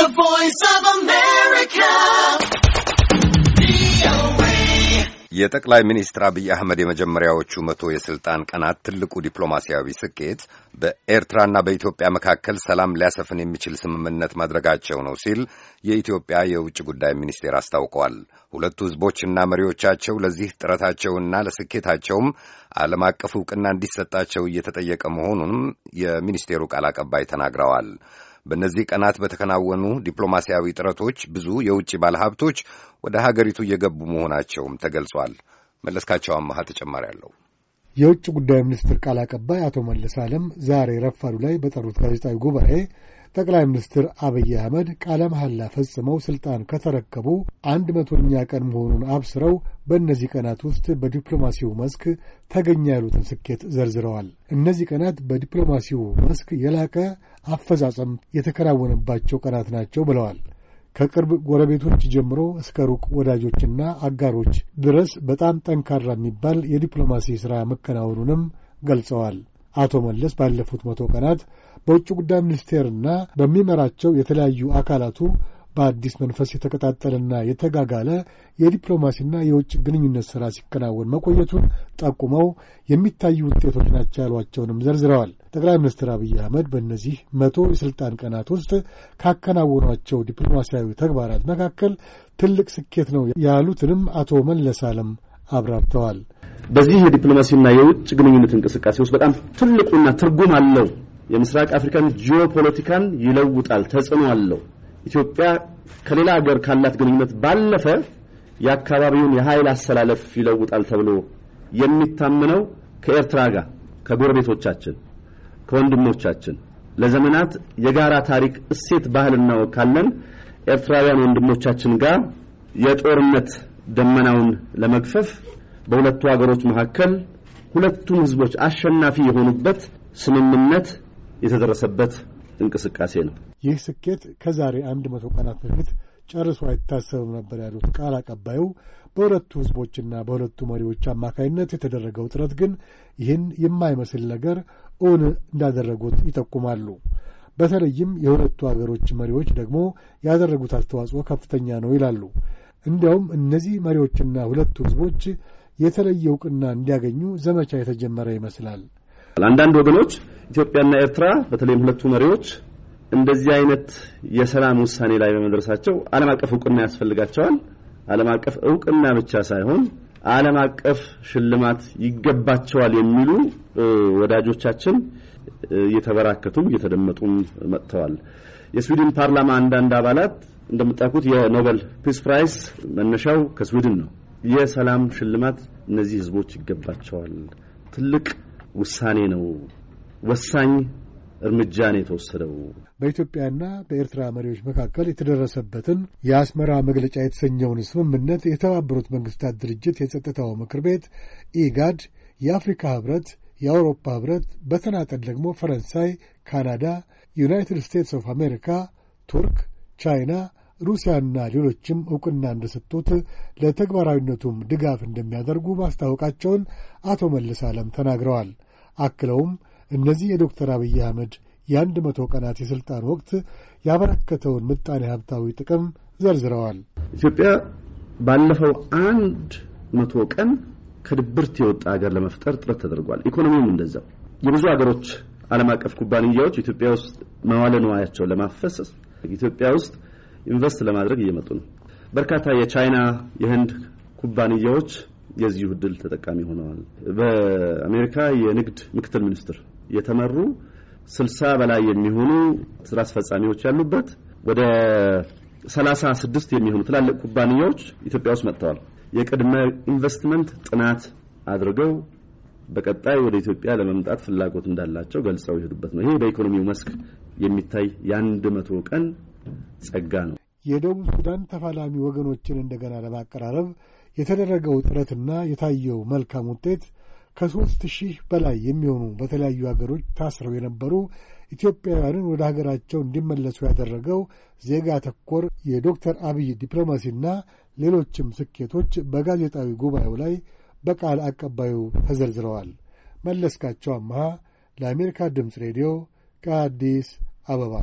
The Voice of America. የጠቅላይ ሚኒስትር አብይ አህመድ የመጀመሪያዎቹ መቶ የስልጣን ቀናት ትልቁ ዲፕሎማሲያዊ ስኬት በኤርትራና በኢትዮጵያ መካከል ሰላም ሊያሰፍን የሚችል ስምምነት ማድረጋቸው ነው ሲል የኢትዮጵያ የውጭ ጉዳይ ሚኒስቴር አስታውቀዋል። ሁለቱ ሕዝቦችና መሪዎቻቸው ለዚህ ጥረታቸውና ለስኬታቸውም ዓለም አቀፍ እውቅና እንዲሰጣቸው እየተጠየቀ መሆኑንም የሚኒስቴሩ ቃል አቀባይ ተናግረዋል። በእነዚህ ቀናት በተከናወኑ ዲፕሎማሲያዊ ጥረቶች ብዙ የውጭ ባለሀብቶች ወደ ሀገሪቱ እየገቡ መሆናቸውም ተገልጿል። መለስካቸው አመሃ ተጨማሪ አለው። የውጭ ጉዳይ ሚኒስትር ቃል አቀባይ አቶ መለስ ዓለም ዛሬ ረፋዱ ላይ በጠሩት ጋዜጣዊ ጉባኤ ጠቅላይ ሚኒስትር አብይ አህመድ ቃለ መሐላ ፈጽመው ሥልጣን ከተረከቡ አንድ መቶኛ ቀን መሆኑን አብስረው በእነዚህ ቀናት ውስጥ በዲፕሎማሲው መስክ ተገኘ ያሉትን ስኬት ዘርዝረዋል። እነዚህ ቀናት በዲፕሎማሲው መስክ የላቀ አፈጻጸም የተከናወነባቸው ቀናት ናቸው ብለዋል። ከቅርብ ጎረቤቶች ጀምሮ እስከ ሩቅ ወዳጆችና አጋሮች ድረስ በጣም ጠንካራ የሚባል የዲፕሎማሲ ሥራ መከናወኑንም ገልጸዋል። አቶ መለስ ባለፉት መቶ ቀናት በውጭ ጉዳይ ሚኒስቴርና በሚመራቸው የተለያዩ አካላቱ በአዲስ መንፈስ የተቀጣጠለና የተጋጋለ የዲፕሎማሲና የውጭ ግንኙነት ሥራ ሲከናወን መቆየቱን ጠቁመው የሚታዩ ውጤቶች ናቸው ያሏቸውንም ዘርዝረዋል። ጠቅላይ ሚኒስትር አብይ አህመድ በእነዚህ መቶ የሥልጣን ቀናት ውስጥ ካከናወኗቸው ዲፕሎማሲያዊ ተግባራት መካከል ትልቅ ስኬት ነው ያሉትንም አቶ መለስ አለም አብራርተዋል። በዚህ የዲፕሎማሲና የውጭ ግንኙነት እንቅስቃሴ ውስጥ በጣም ትልቁና ትርጉም አለው የምስራቅ አፍሪካን ጂኦፖለቲካን ይለውጣል፣ ተጽዕኖ አለው። ኢትዮጵያ ከሌላ ሀገር ካላት ግንኙነት ባለፈ የአካባቢውን የኃይል አሰላለፍ ይለውጣል ተብሎ የሚታመነው ከኤርትራ ጋር፣ ከጎረቤቶቻችን፣ ከወንድሞቻችን ለዘመናት የጋራ ታሪክ፣ እሴት፣ ባህል እናወቅ ካለን ኤርትራውያን ወንድሞቻችን ጋር የጦርነት ደመናውን ለመግፈፍ በሁለቱ አገሮች መካከል ሁለቱም ህዝቦች አሸናፊ የሆኑበት ስምምነት የተደረሰበት እንቅስቃሴ ነው። ይህ ስኬት ከዛሬ አንድ መቶ ቀናት በፊት ጨርሶ አይታሰብም ነበር ያሉት ቃል አቀባዩ፣ በሁለቱ ህዝቦችና በሁለቱ መሪዎች አማካይነት የተደረገው ጥረት ግን ይህን የማይመስል ነገር እውን እንዳደረጉት ይጠቁማሉ። በተለይም የሁለቱ አገሮች መሪዎች ደግሞ ያደረጉት አስተዋጽኦ ከፍተኛ ነው ይላሉ እንዲያውም እነዚህ መሪዎችና ሁለቱ ህዝቦች የተለየ እውቅና እንዲያገኙ ዘመቻ የተጀመረ ይመስላል። አንዳንድ ወገኖች ኢትዮጵያና ኤርትራ በተለይም ሁለቱ መሪዎች እንደዚህ አይነት የሰላም ውሳኔ ላይ በመድረሳቸው ዓለም አቀፍ እውቅና ያስፈልጋቸዋል። ዓለም አቀፍ እውቅና ብቻ ሳይሆን ዓለም አቀፍ ሽልማት ይገባቸዋል የሚሉ ወዳጆቻችን እየተበራከቱም እየተደመጡም መጥተዋል። የስዊድን ፓርላማ አንዳንድ አባላት እንደምታውቁት የኖበል ፒስ ፕራይስ መነሻው ከስዊድን ነው። የሰላም ሽልማት እነዚህ ህዝቦች ይገባቸዋል። ትልቅ ውሳኔ ነው። ወሳኝ እርምጃ ነው የተወሰደው። በኢትዮጵያና በኤርትራ መሪዎች መካከል የተደረሰበትን የአስመራ መግለጫ የተሰኘውን ስምምነት የተባበሩት መንግስታት ድርጅት የጸጥታው ምክር ቤት፣ ኢጋድ፣ የአፍሪካ ህብረት፣ የአውሮፓ ህብረት በተናጠል ደግሞ ፈረንሳይ፣ ካናዳ፣ ዩናይትድ ስቴትስ ኦፍ አሜሪካ፣ ቱርክ፣ ቻይና ሩሲያና ሌሎችም እውቅና እንደሰጡት ለተግባራዊነቱም ድጋፍ እንደሚያደርጉ ማስታወቃቸውን አቶ መለስ ዓለም ተናግረዋል። አክለውም እነዚህ የዶክተር አብይ አህመድ የአንድ መቶ ቀናት የሥልጣን ወቅት ያበረከተውን ምጣኔ ሀብታዊ ጥቅም ዘርዝረዋል። ኢትዮጵያ ባለፈው አንድ መቶ ቀን ከድብርት የወጣ ሀገር ለመፍጠር ጥረት ተደርጓል። ኢኮኖሚውም እንደዛው የብዙ ሀገሮች ዓለም አቀፍ ኩባንያዎች ኢትዮጵያ ውስጥ መዋለ ንዋያቸው ለማፈሰስ ኢትዮጵያ ውስጥ ኢንቨስት ለማድረግ እየመጡ ነው። በርካታ የቻይና የህንድ ኩባንያዎች የዚሁ እድል ተጠቃሚ ሆነዋል። በአሜሪካ የንግድ ምክትል ሚኒስትር የተመሩ ስልሳ በላይ የሚሆኑ ስራ አስፈጻሚዎች ያሉበት ወደ ሰላሳ ስድስት የሚሆኑ ትላልቅ ኩባንያዎች ኢትዮጵያ ውስጥ መጥተዋል። የቅድመ ኢንቨስትመንት ጥናት አድርገው በቀጣይ ወደ ኢትዮጵያ ለመምጣት ፍላጎት እንዳላቸው ገልጸው ይሄዱበት ነው። ይሄ በኢኮኖሚው መስክ የሚታይ የአንድ መቶ ቀን ጸጋ ነው። የደቡብ ሱዳን ተፋላሚ ወገኖችን እንደገና ለማቀራረብ የተደረገው ጥረትና የታየው መልካም ውጤት ከሦስት ሺህ በላይ የሚሆኑ በተለያዩ አገሮች ታስረው የነበሩ ኢትዮጵያውያንን ወደ ሀገራቸው እንዲመለሱ ያደረገው ዜጋ ተኮር የዶክተር አብይ ዲፕሎማሲና ሌሎችም ስኬቶች በጋዜጣዊ ጉባኤው ላይ በቃል አቀባዩ ተዘርዝረዋል። መለስካቸው አመሃ ለአሜሪካ ድምፅ ሬዲዮ ከአዲስ አበባ